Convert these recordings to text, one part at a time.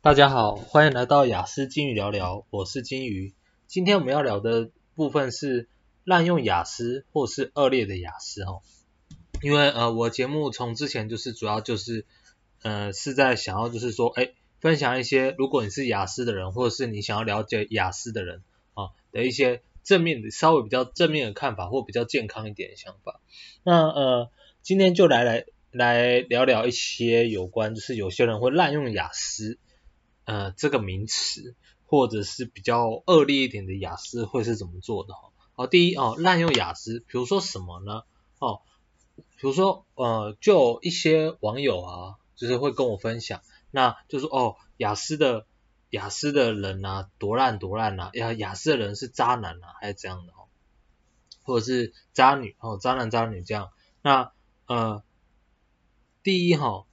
大家好，歡迎來到亞斯金魚聊聊，我是金魚。今天我們要聊的部分是濫用亞斯或是惡劣的亞斯哦。因為呃，我節目從之前就是主要就是呃是在想要就是說，誒分享一些如果你是亞斯的人，或者是你想要了解亞斯的人啊的一些正面的、稍微比較正面的看法或比較健康一點的想法。那呃，今天就來來來聊聊一些有關就是有些人會濫用亞斯。呃，這個名詞，或者是比較惡劣一點的亞斯會是怎麼做的哈？好，第一哦，濫用亞斯，比如說什麼呢？哦，比如說呃，就有一些網友啊，就是會跟我分享，那就是哦，亞斯的亞斯的人吶、啊，多爛多爛吶、啊，亞斯的人是渣男吶、啊，還是這樣的哦？或者是渣女哦，渣男渣女這樣。那呃，第一哈、哦，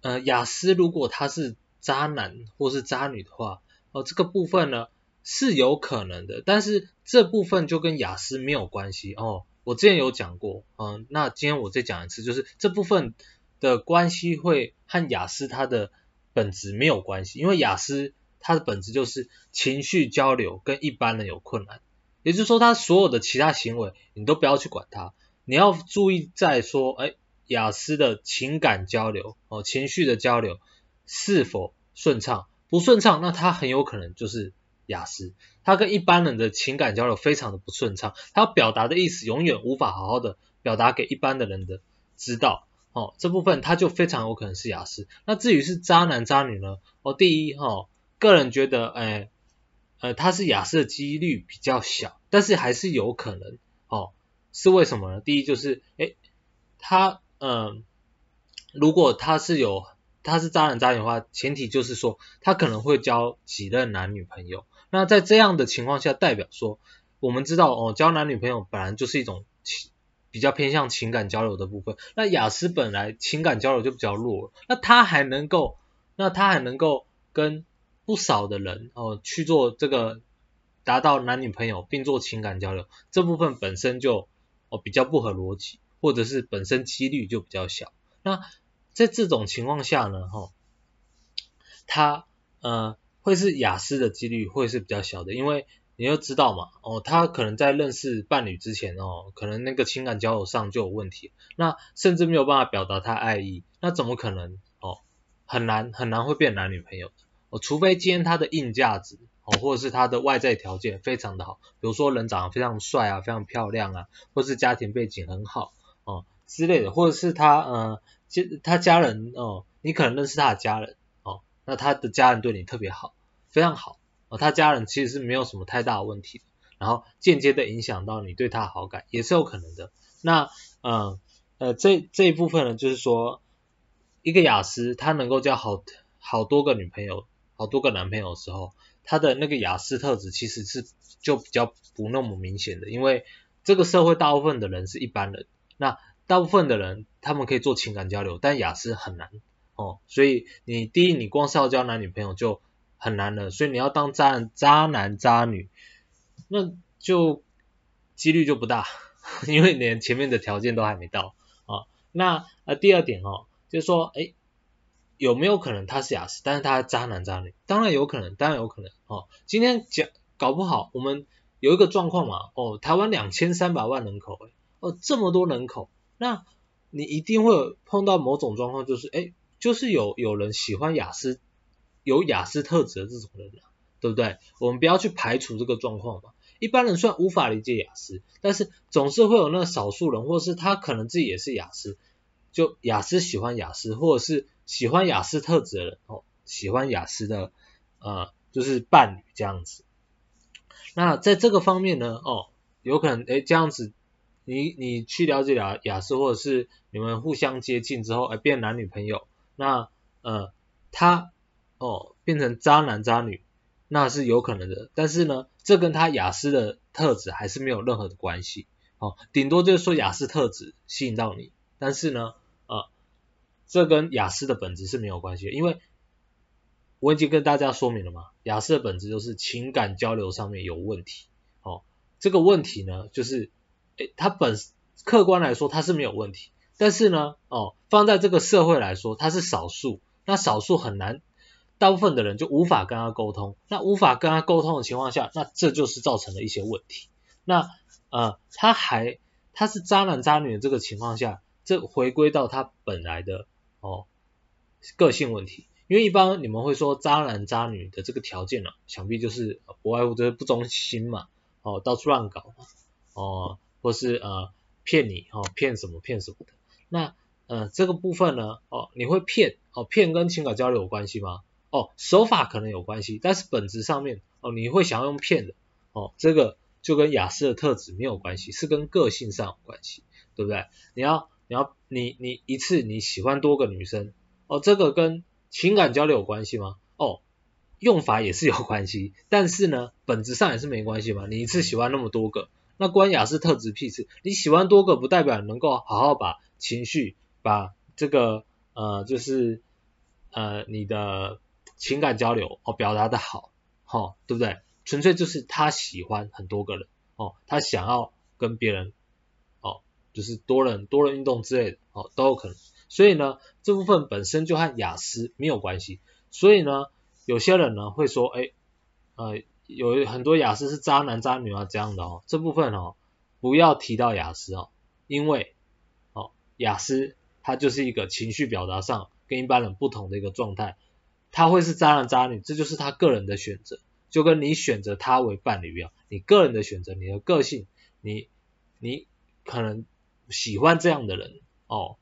呃，亞斯如果他是渣男或是渣女的話，哦，這個部分呢是有可能的，但是這部分就跟亞斯沒有關係哦。我之前有講過，嗯，那今天我再講一次，就是這部分的關係會和亞斯它的本質沒有關係，因為亞斯它的本質就是情緒交流跟一般人有困難，也就是說，他所有的其他行為你都不要去管他，你要注意在說，哎，亞斯的情感交流哦，情緒的交流。是否順暢？不順暢，那他很有可能就是亞斯。他跟一般人的情感交流非常的不順暢，他表達的意思永遠無法好好的表達給一般的人的知道。哦，這部分他就非常有可能是亞斯。那至於是渣男渣女呢？哦，第一哈、哦，個人覺得，哎、欸，呃，他是亞斯的幾率比較小，但是還是有可能。哦，是為什麼呢？第一就是，哎、欸，他，嗯、呃，如果他是有他是渣男渣女的話，前提就是說他可能會交幾任男女朋友。那在這樣的情況下，代表說，我們知道哦，交男女朋友本來就是一種情，比較偏向情感交流的部分。那亞斯本來情感交流就比較弱了，那他還能夠，那他還能夠跟不少的人哦去做這個達到男女朋友並做情感交流這部分本身就哦比較不合邏輯，或者是本身幾率就比較小。那在這種情況下呢，吼，他呃會是亞斯的幾率會是比較小的，因為你要知道嘛，哦，他可能在認識伴侶之前哦，可能那個情感交友上就有問題，那甚至沒有辦法表達他愛意，那怎麼可能哦？很難很難會變男女朋友的，哦，除非今天他的硬價值哦，或者是他的外在條件非常的好，比如說人長得非常帥啊，非常漂亮啊，或是家庭背景很好哦之類的，或者是他呃。他家人哦，你可能認識他的家人哦，那他的家人對你特別好，非常好哦，他家人其實是沒有什麼太大的問題，然後間接的影響到你對他的好感也是有可能的。那嗯呃，呃這這一部分呢，就是說一個亞斯他能夠交好好多個女朋友、好多個男朋友的時候，他的那個亞斯特質其實是就比較不那麼明顯的，因為這個社會大部分的人是一般人，那大部分的人。他們可以做情感交流，但亞斯很難哦，所以你第一，你光是要交男女朋友就很難了，所以你要當渣男渣男，渣女，那就幾率就不大，因為連前面的條件都還沒到啊、哦。那、呃、第二點哈、哦，就是說，哎，有沒有可能他是亞斯，但是他渣男渣女？當然有可能，當然有可能哦。今天講，搞不好我們有一個狀況嘛，哦，台灣兩千三百萬人口，哦，這麼多人口，那你一定會碰到某種狀況，就是誒，就是誒就是有有人喜歡亞斯，有亞斯特質的這種人了，對不對？我們不要去排除這個狀況嘛。一般人算無法理解亞斯，但是總是會有那少數人，或是他可能自己也是亞斯，就亞斯喜歡亞斯，或者是喜歡亞斯特質的人哦，喜歡亞斯的呃，就是伴侶這樣子。那在這個方面呢，哦，有可能誒這樣子。你你去了解了亞斯，或者是你們互相接近之後，哎、欸，變男女朋友，那呃，他哦變成渣男渣女，那是有可能的。但是呢，這跟他亞斯的特質還是沒有任何的關係哦，頂多就是說亞斯特質吸引到你，但是呢，呃，這跟亞斯的本質是沒有關係，因為我已經跟大家說明了嘛，亞斯的本質就是情感交流上面有問題，哦，這個問題呢就是。哎，他本客觀來說他是沒有問題，但是呢，哦，放在這個社會來說，他是少數，那少數很難，大部分的人就無法跟他溝通，那無法跟他溝通的情況下，那這就是造成了一些問題。那呃，他還他是渣男渣女的這個情況下，這回歸到他本來的哦個性問題，因為一般你們會說渣男渣女的這個條件了啊，想必就是不外乎就是不忠心嘛，哦，到處亂搞，哦。或是呃騙你哦，騙什麼騙什麼的。那呃這個部分呢哦，你會騙哦，騙跟情感交流有關係嗎？哦，手法可能有關係，但是本質上面哦，你會想要用騙的哦，這個就跟亞斯的特質沒有關係，是跟個性上有關係，對不對？你要你要你你一次你喜歡多個女生哦，這個跟情感交流有關係嗎？哦，用法也是有關係，但是呢本質上也是沒關係嘛，你一次喜歡那麼多個。那關亞斯特質屁事？你喜歡多個不代表能夠好好把情緒、把這個呃，就是呃你的情感交流哦表達得好，哈、哦，對不對？純粹就是他喜歡很多個人哦，他想要跟別人哦，就是多人、多人運動之類的哦都有可能。所以呢，這部分本身就和亞斯沒有關係。所以呢，有些人呢會說，誒。呃。有很多亞斯是渣男渣女啊，這樣的哦，這部分哦不要提到亞斯哦，因為哦亞斯他就是一個情緒表達上跟一般人不同的一個狀態，他會是渣男渣女，這就是他個人的選擇，就跟你選擇他為伴侶一樣啊，你個人的選擇，你的個性，你你可能喜歡這樣的人哦，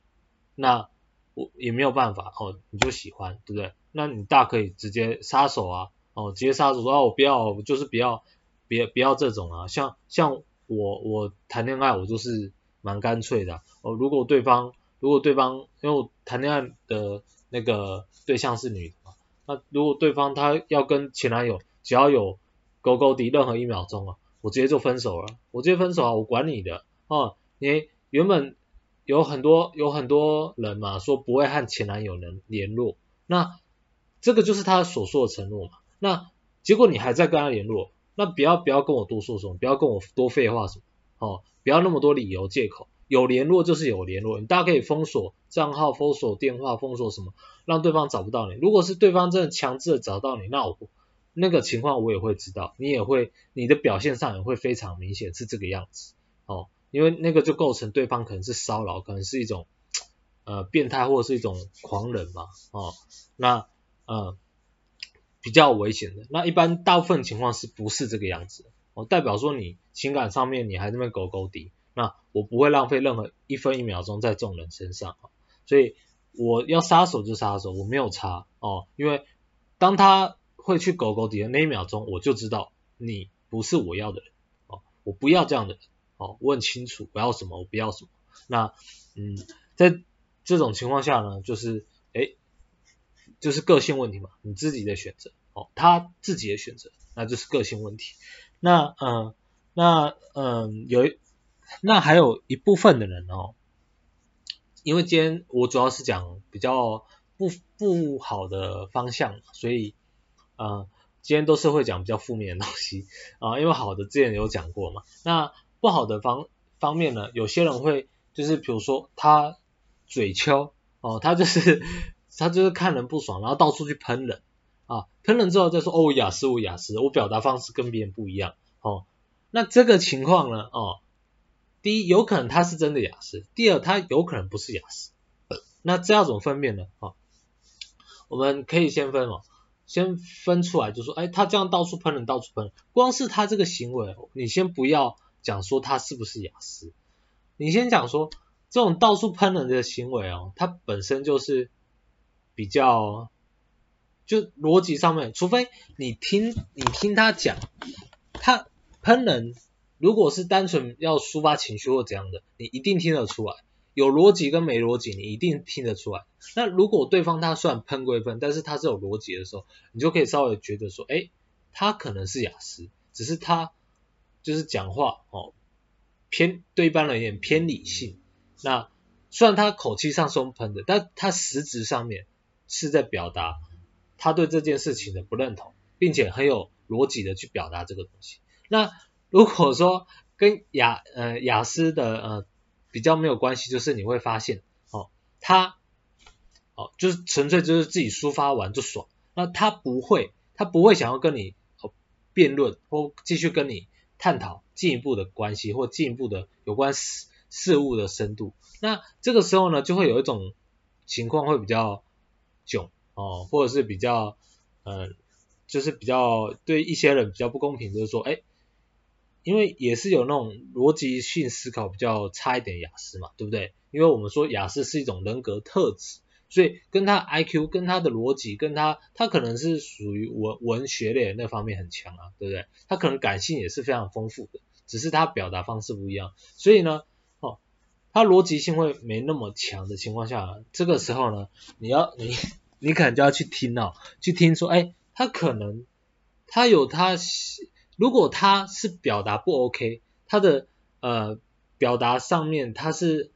那我也沒有辦法哦，你就喜歡，對不對？那你大可以直接撒手啊。哦，直接殺死，說、啊，我不要，我就是不要，別不要這種啊。像像我我談戀愛，我就是蠻乾脆的、啊。哦，如果對方如果對方，因為我談戀愛的那個對象是女的，嘛，那如果對方她要跟前男友只要有勾勾滴任何一秒鐘啊，我直接就分手了。我直接分手啊，我管你的哦，你原本有很多有很多人嘛，說不會和前男友能聯絡，那這個就是他所說的承諾嘛。那結果你還在跟他聯絡，那不要，不要跟我多說什麼，不要跟我多廢話什麼，哦，不要那麼多理由借口，有聯絡就是有聯絡，你大家可以封鎖賬號、封鎖電話、封鎖什麼，讓對方找不到你。如果是對方真的強制的找到你，那我那個情況我也會知道，你也會你的表現上也會非常明顯是這個樣子，哦，因為那個就構成對方可能是騷擾，可能是一種呃變態或者是一種狂人嘛，哦，那嗯。呃比較危險的，那一般大部分情況是不是這個樣子？哦，代表說你情感上面你還在那邊狗狗底，那我不會浪費任何一分一秒鐘在這種人身上啊，哦，所以我要殺手就殺手，我沒有差哦，因為當他會去狗狗底的那一秒鐘，我就知道你不是我要的人哦，我不要這樣的人哦，問清楚我要什麼，我不要什麼。那嗯，在這種情況下呢，就是。就是個性問題嘛，你自己的選擇，哦，他自己的選擇，那就是個性問題。那嗯、呃，那嗯、呃，有一，那還有一部分的人哦，因為今天我主要是講比較不不好的方向，所以嗯、呃，今天都是會講比較負面的東西啊、哦，因為好的之前有講過嘛，那不好的方方面呢，有些人會就是比如說他嘴敲，哦，他就是。他就是看人不爽，然後到處去噴人啊，噴人之後再說哦，我亞斯，我亞斯，我表達方式跟別人不一樣哦。那這個情況呢，哦，第一有可能他是真的亞斯，第二他有可能不是亞斯。那這要怎麼分辨呢？哦，我們可以先分哦，先分出來就說、是，哎，他這樣到處噴人，到處噴人，光是他這個行為，你先不要講說他是不是亞斯，你先講說這種到處噴人的行為哦，他本身就是。比較就邏輯上面，除非你聽你聽他講，他噴人如果是單純要抒發情緒或怎樣的，你一定聽得出來，有邏輯跟沒邏輯你一定聽得出來。那如果對方他算噴歸噴，但是他是有邏輯的時候，你就可以稍微覺得說，哎、欸，他可能是亞斯，只是他就是講話哦、喔、偏對一般人一點偏理性。那雖然他口氣上是用噴的，但他實質上面。是在表達他對這件事情的不認同，並且很有邏輯的去表達這個東西。那如果說跟亞呃亞斯的呃比較沒有關係，就是你會發現哦，他哦就是純粹就是自己抒發完就爽。那他不會，他不會想要跟你辯論或繼續跟你探討進一步的關係或進一步的有關事事物的深度。那這個時候呢，就會有一種情況會比較。囧哦、呃，或者是比較，呃，就是比較對一些人比較不公平，就是說，哎、欸，因為也是有那種邏輯性思考比較差一點亞斯嘛，對不對？因為我們說亞斯是一種人格特質，所以跟他 IQ 跟他的邏輯跟他，他可能是屬於文文學類的那方面很強啊，對不對？他可能感性也是非常豐富的，只是他表達方式不一樣，所以呢。他邏輯性會沒那麼強的情況下，這個時候呢，你要你你可能就要去聽哦，去聽說，哎，他可能他有他，如果他是表達不 OK，他的呃表達上面他是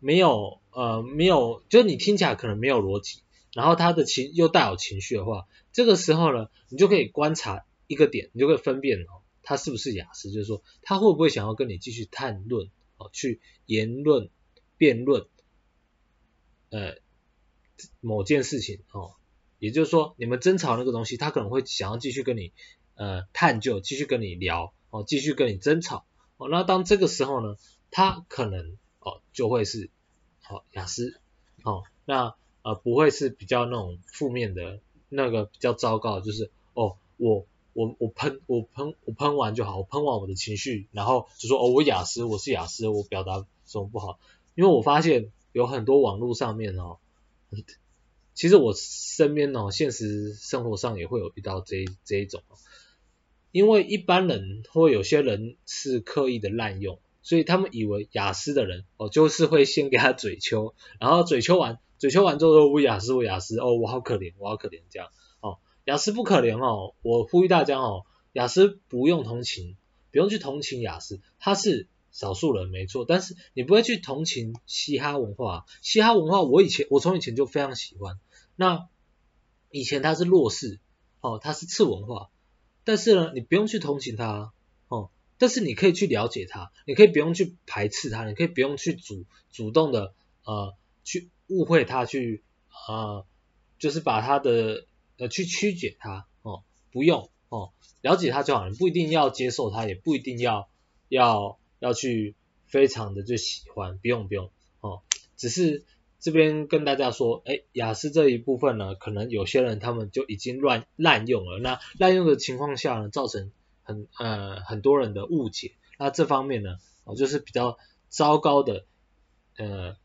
沒有呃沒有，就你聽起來可能沒有邏輯，然後他的情又帶有情緒的話，這個時候呢，你就可以觀察一個點，你就可以分辨哦，他是不是亞斯，就是說他會不會想要跟你繼續談論。去言論辯論，呃，某件事情哦，也就是說你們爭吵那個東西，他可能會想要繼續跟你呃探究，繼續跟你聊哦，繼續跟你爭吵哦。那當這個時候呢，他可能哦就會是好、哦、亞斯哦，那呃不會是比較那種負面的，那個比較糟糕就是哦我。我我噴我噴我噴完就好，我噴完我的情緒，然後就說哦我亞斯我是亞斯，我表達什麼不好？因為我發現有很多網絡上面哦，其實我身邊哦現實生活上也會有遇到這這一種哦，因為一般人或有些人是刻意的濫用，所以他們以為亞斯的人哦就是會先給他嘴丘，然後嘴丘完嘴丘完之後說我亞斯我亞斯哦我好可憐我好可憐這樣。亞斯不可憐哦，我呼籲大家哦，亞斯不用同情，不用去同情亞斯，他是少數人沒錯，但是你不會去同情嘻哈文化。啊，嘻哈文化我以前我從以前就非常喜歡，那以前他是弱勢，哦他是次文化，但是呢你不用去同情他哦，但是你可以去了解他，你可以不用去排斥他，你可以不用去主主動的呃去誤會他。去啊，呃，就是把他的。去曲解它哦，不用哦，了解它就好，不一定要接受它，也不一定要要要去非常的就喜歡，不用不用哦，只是這邊跟大家說，哎，亞斯這一部分呢，可能有些人他們就已經亂濫用了，那濫用的情況下呢，造成很呃很多人的誤解，那這方面呢，哦，就是比較糟糕的呃，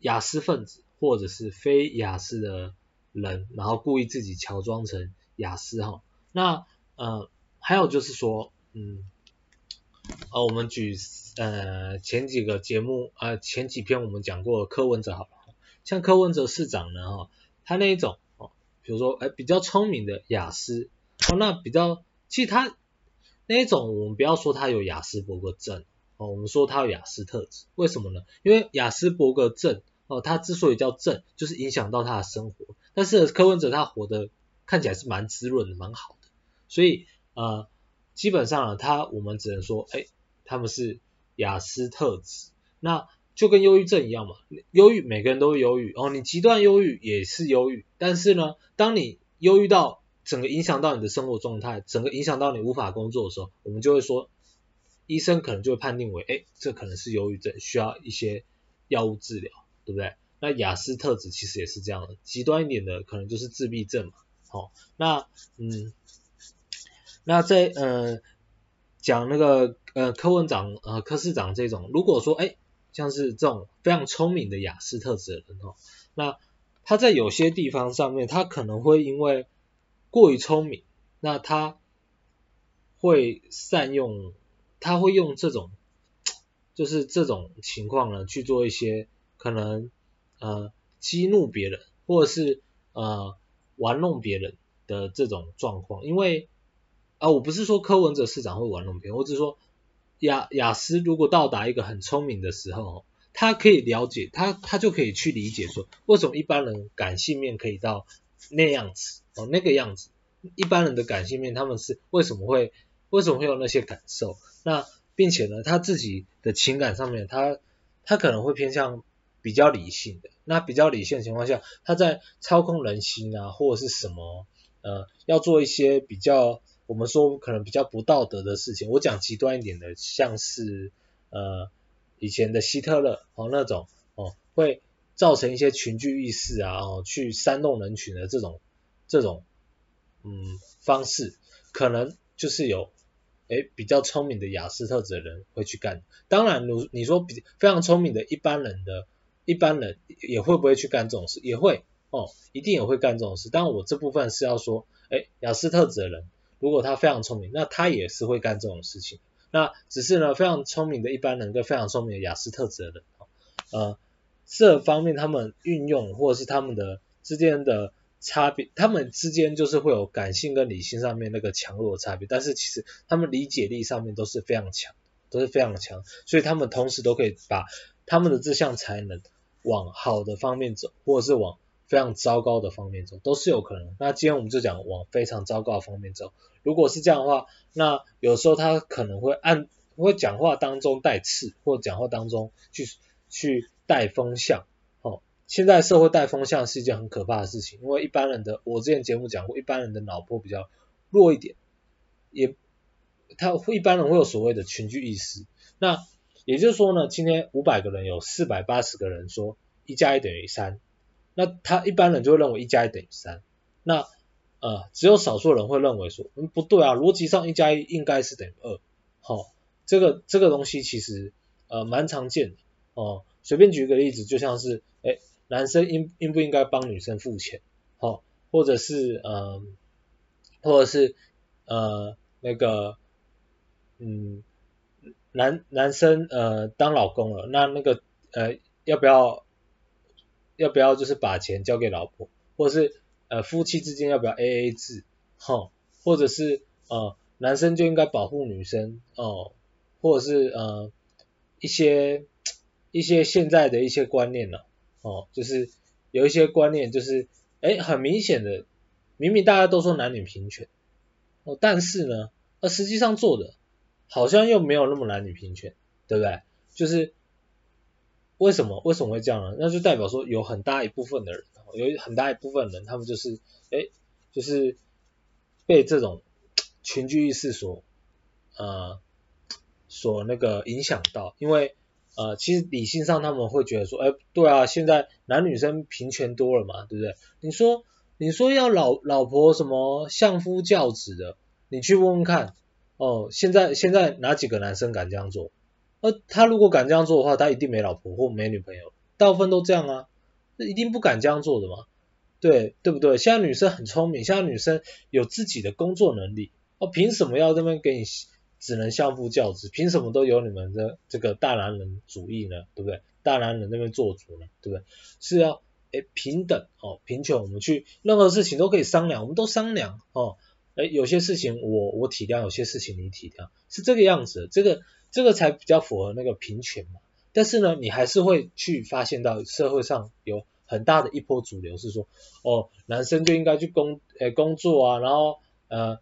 亞斯分子或者是非亞斯的。人，然後故意自己喬裝成亞斯哈、哦，那呃，還有就是說，嗯，哦、我們舉呃前幾個節目啊、呃，前幾篇我們講過的柯文哲好，像柯文哲市長呢哈、哦，他那一種哦，比如說、呃、比較聰明的亞斯、哦，那比較，其實他那一種我們不要說他有亞斯伯格症哦，我們說他有亞斯特質，為什麼呢？因為亞斯伯格症。哦，他之所以叫症，就是影響到他的生活。但是柯文哲他活得看起來是蠻滋潤的，蠻好的。所以呃，基本上呢，他我們只能說，欸，他們是亞斯特質。那就跟憂鬱症一樣嘛，憂鬱每個人都會憂鬱，哦，你極端憂鬱也是憂鬱。但是呢，當你憂鬱到整個影響到你的生活狀態，整個影響到你無法工作的時候，我們就會說，醫生可能就會判定為，欸，這可能是憂鬱症，需要一些藥物治療。對不對？那亞斯特質其實也是這樣的，極端一點的可能就是自閉症嘛。好、哦，那嗯，那在呃講那個呃柯文哲呃柯市長這種，如果說哎像是這種非常聰明的亞斯特質的人哦，那他在有些地方上面，他可能會因為過於聰明，那他會善用，他會用這種就是這種情況呢去做一些。可能呃激怒別人，或者是呃玩弄別人的這種狀況，因為啊、呃、我不是說柯文哲市長會玩弄別人，我只是說亞亞斯如果到達一個很聰明的時候，他可以了解他他就可以去理解說，為什麼一般人感性面可以到那樣子哦那個樣子，一般人的感性面他們是為什麼會為什麼會有那些感受？那並且呢，他自己的情感上面，他他可能會偏向，比較理性的，那比較理性的情況下，他在操控人心啊，或者是什麼呃，要做一些比較我們說可能比較不道德的事情。我講極端一點的，像是呃以前的希特勒哦那種哦，會造成一些群聚意識啊哦，去煽動人群的這種這種嗯方式，可能就是有哎、欸、比較聰明的亞斯特質的人會去幹。當然如你說比非常聰明的一般人的。一般人也會不會去幹這種事，也會哦，一定也會幹這種事。但我這部分是要說，哎，亞斯特質的人，如果他非常聰明，那他也是會幹這種事情。那只是呢，非常聰明的一般人跟非常聰明的亞斯特質的人，呃，這方面他們運用或者是他們的之間的差別，他們之間就是會有感性跟理性上面那個強弱的差別。但是其實他們理解力上面都是非常強，都是非常強，所以他們同時都可以把他們的這項才能，往好的方面走，或者是往非常糟糕的方面走，都是有可能。那今天我們就講往非常糟糕的方面走。如果是這樣的話，那有時候他可能會按，會講話當中帶刺，或者講話當中去去帶風向。好，哦，現在社會帶風向是一件很可怕的事情，因為一般人的我之前節目講過，一般人的腦波比較弱一點，也他一般人會有所謂的群居意識。那也就是說呢，今天五百個人有四百八十個人說一加一等於三，3，那他一般人就會認為一加一等於三，3，那呃只有少數人會認為說，嗯不對啊，邏輯上一加一應該是等於二。好，這個這個東西其實呃蠻常見的哦。隨便舉一個例子，就像是誒、欸、男生應應不應該幫女生付錢，好、哦，或者是呃或者是呃那個嗯。男男生呃當老公了，那那個呃要不要要不要就是把錢交給老婆，或者是呃夫妻之間要不要 AA 制？哈、哦，或者是呃男生就應該保護女生哦，或者是呃一些一些現在的一些觀念呢、啊，哦，就是有一些觀念就是哎很明顯的，明明大家都說男女平權哦，但是呢，而實際上做的。好像又沒有那麼男女平權，對不對？就是為什麼為什麼會這樣呢？那就代表說有很大一部分的人，有很大一部分人，他們就是哎、欸，就是被這種群居意識所呃所那個影響到，因為呃其實理性上他們會覺得說，哎、欸，對啊，現在男女生平權多了嘛，對不對？你說你說要老老婆什麼相夫教子的，你去問問看。哦，現在現在哪幾個男生敢這樣做？呃，他如果敢這樣做的話，他一定沒老婆或沒女朋友，大部分都這樣啊，那一定不敢這樣做的嘛，對對不對？現在女生很聰明，現在女生有自己的工作能力，哦，憑什麼要這邊給你只能相夫教子？憑什麼都由你們的這個大男人主義呢？對不對？大男人那邊做主呢？對不對？是要誒平等哦，平等我們去任何事情都可以商量，我們都商量哦。哎，有些事情我我體諒，有些事情你體諒，是這個樣子的，這個這個才比較符合那個平權嘛。但是呢，你還是會去發現到社會上有很大的一波主流是說，哦，男生就應該去工誒工作啊，然後呃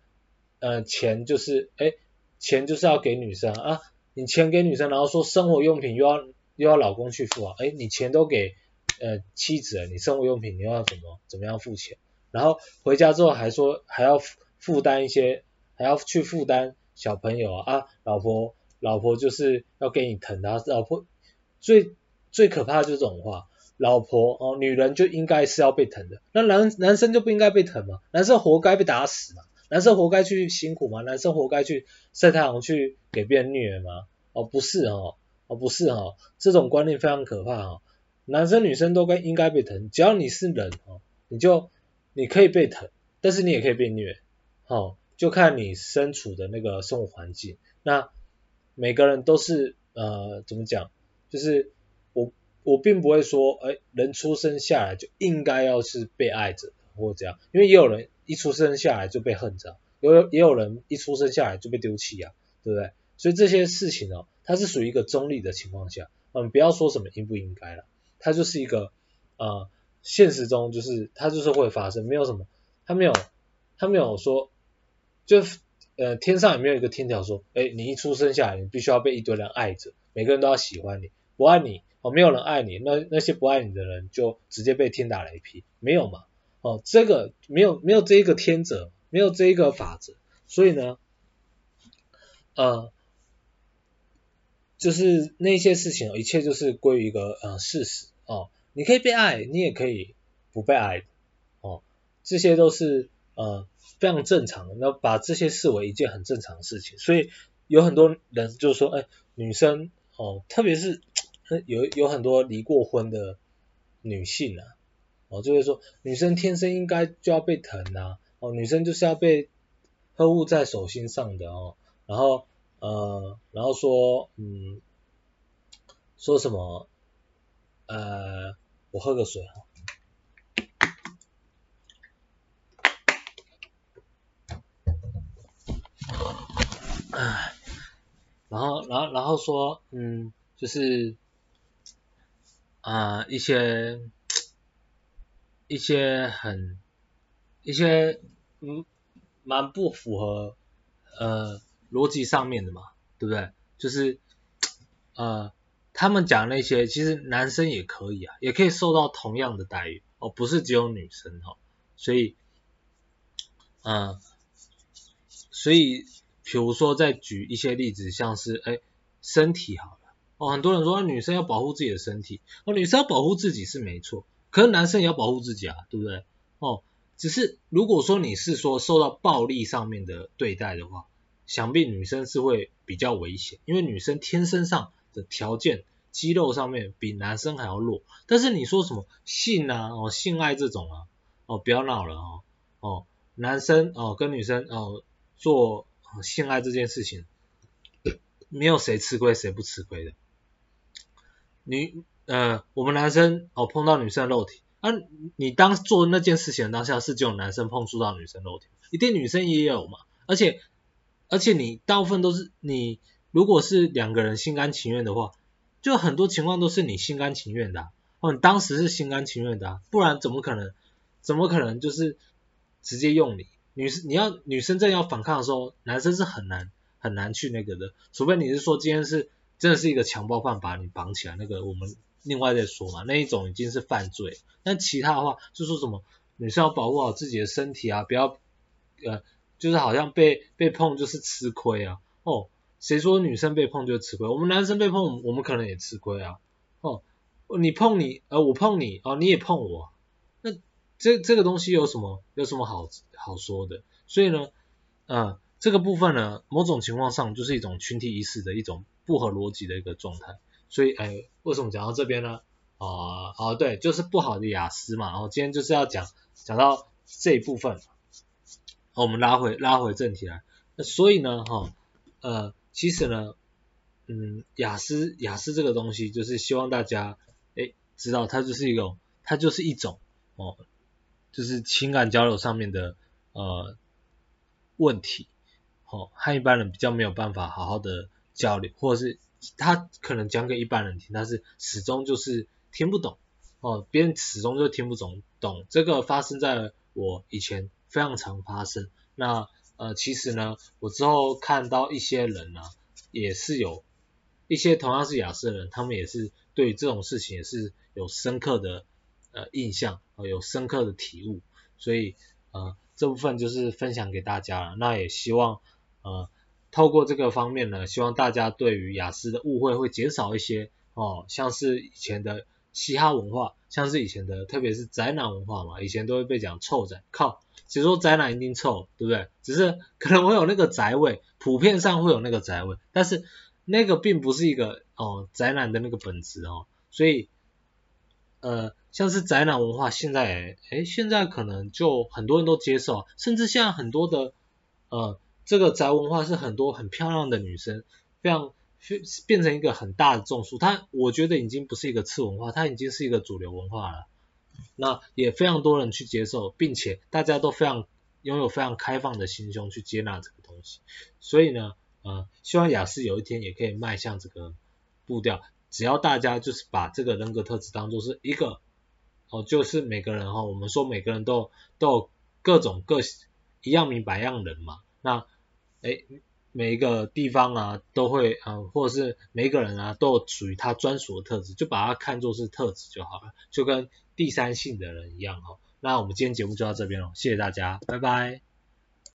呃錢就是誒錢就是要給女生啊，你錢給女生，然後說生活用品又要又要老公去付啊，誒，你錢都給呃妻子了，你生活用品你又要怎麼怎麼樣付錢，然後回家之後還說還要。負擔一些，還要去負擔小朋友啊，啊，老婆，老婆就是要給你疼的，啊，老婆最最可怕的就是這種話，老婆哦，女人就應該是要被疼的，那男男生就不應該被疼嗎？男生活該被打死嗎？男生活該去辛苦嗎？男生活該去曬太陽去給別人虐嗎？哦不是哦。哦不是哦。這種觀念非常可怕哦。男生女生都該應該被疼，只要你是人哦，你就你可以被疼，但是你也可以被虐。好、嗯，就看你身處的那個生活環境。那每個人都是呃，怎麼講？就是我我並不會說，哎、欸，人出生下來就應該要是被愛着或者這樣，因為也有人一出生下來就被恨着，有也有人一出生下來就被丟棄啊，對不對？所以這些事情哦，它是屬於一個中立的情況下，我、嗯、們不要說什麼應不應該了，它就是一個呃，現實中就是它就是會發生，沒有什麼，它沒有它沒有說。就是呃，天上也沒有一個天條說，哎，你一出生下來，你必須要被一堆人愛着，每個人都要喜歡你，不愛你，哦，沒有人愛你，那那些不愛你的人就直接被天打雷劈，沒有嘛？哦，這個沒有沒有這一個天則，沒有這一個法則，所以呢，呃，就是那些事情，一切就是歸於一個呃事實哦，你可以被愛，你也可以不被愛哦，這些都是。呃，非常正常的，那把這些視為一件很正常的事情。所以有很多人就是說，哎、欸，女生哦，特別是、呃、有有很多離過婚的女性啊，哦，就會說女生天生應該就要被疼啊，哦，女生就是要被呵護在手心上的哦。然後呃，然後說，嗯，說什麼，呃，我喝個水哈。唉，然後，然後，然後說，嗯，就是，啊、呃，一些，一些很，一些，嗯，蠻不符合，呃，邏輯上面的嘛，對不對？就是，呃，他們講那些，其實男生也可以啊，也可以受到同樣的待遇，哦，不是只有女生哦，所以，嗯、呃，所以。比如說，再舉一些例子，像是哎，身體好了哦，很多人說女生要保護自己的身體，哦，女生要保護自己是沒錯，可是男生也要保護自己啊，對不對？哦，只是如果說你是說受到暴力上面的對待的話，想必女生是會比較危險，因為女生天生上的條件，肌肉上面比男生還要弱，但是你說什麼性啊，哦，性愛這種啊，哦，不要鬧了哦，哦，男生哦跟女生哦做，性愛這件事情，沒有誰吃虧誰不吃虧的。你呃，我們男生哦碰到女生的肉體，啊，你當做那件事情的當下是只有男生碰觸到女生肉體，一定女生也有嘛。而且而且你大部分都是你如果是兩個人心甘情願的話，就很多情況都是你心甘情願的、啊，哦你當時是心甘情願的、啊，不然怎麼可能怎麼可能就是直接用你。女，女生你要女生在要反抗的時候，男生是很難很難去那個的，除非你是說今天是真的是一個強暴犯把你綁起來，那個我們另外再說嘛，那一種已經是犯罪。但其他的話就說什麼女生要保護好自己的身體啊，不要呃就是好像被被碰就是吃虧啊。哦，誰說女生被碰就吃虧？我們男生被碰我們，我們可能也吃虧啊。哦，你碰你呃我碰你哦、呃、你也碰我，那。這這個東西有什麼有什麼好好說的？所以呢，嗯、呃，這個部分呢，某種情況上就是一種群體意識的一種不合邏輯的一個狀態。所以，哎，為什麼講到這邊呢？啊、哦，哦，對，就是不好的亞斯嘛。然後、哦、今天就是要講講到這一部分，哦、我們拉回拉回正題來。所以呢，哈、哦，呃，其實呢，嗯，亞斯亞斯這個東西，就是希望大家誒知道，它就是一種，它就是一種哦。就是情感交流上面的呃問題，好、哦，和一般人比較沒有辦法好好的交流，或者是他可能講給一般人聽，但是始終就是聽不懂，哦，別人始終就聽不懂，懂，這個發生在我以前非常常發生。那呃其實呢，我之後看到一些人呢、啊，也是有一些同樣是亞斯的人，他們也是對於這種事情也是有深刻的，呃，印象有深刻的體悟，所以呃這部分就是分享給大家了。那也希望呃透過這個方面呢，希望大家對於亞斯的誤會會減少一些哦。像是以前的嘻哈文化，像是以前的特別是宅男文化嘛，以前都會被講臭宅靠，其實說宅男一定臭，對不對？只是可能我有那個宅味，普遍上會有那個宅味，但是那個並不是一個哦宅男的那個本質哦，所以呃。像是宅男文化，現在哎，現在可能就很多人都接受，甚至現在很多的，呃，這個宅文化是很多很漂亮的女生非常變變成一個很大的眾數，它我覺得已經不是一個次文化，它已經是一個主流文化了。那也非常多人去接受，並且大家都非常擁有非常開放的心胸去接納這個東西。所以呢，呃，希望亞斯有一天也可以邁向這個步調，只要大家就是把這個人格特質當做是一個。哦，就是每個人哈、哦，我們說每個人都有都有各種各一樣明白一樣人嘛。那誒、欸，每一個地方啊都會啊、嗯，或者是每一個人啊都有屬於他專屬的特質，就把它看作是特質就好了，就跟第三性的人一樣哈、哦。那我們今天節目就到這邊了，謝謝大家，拜拜。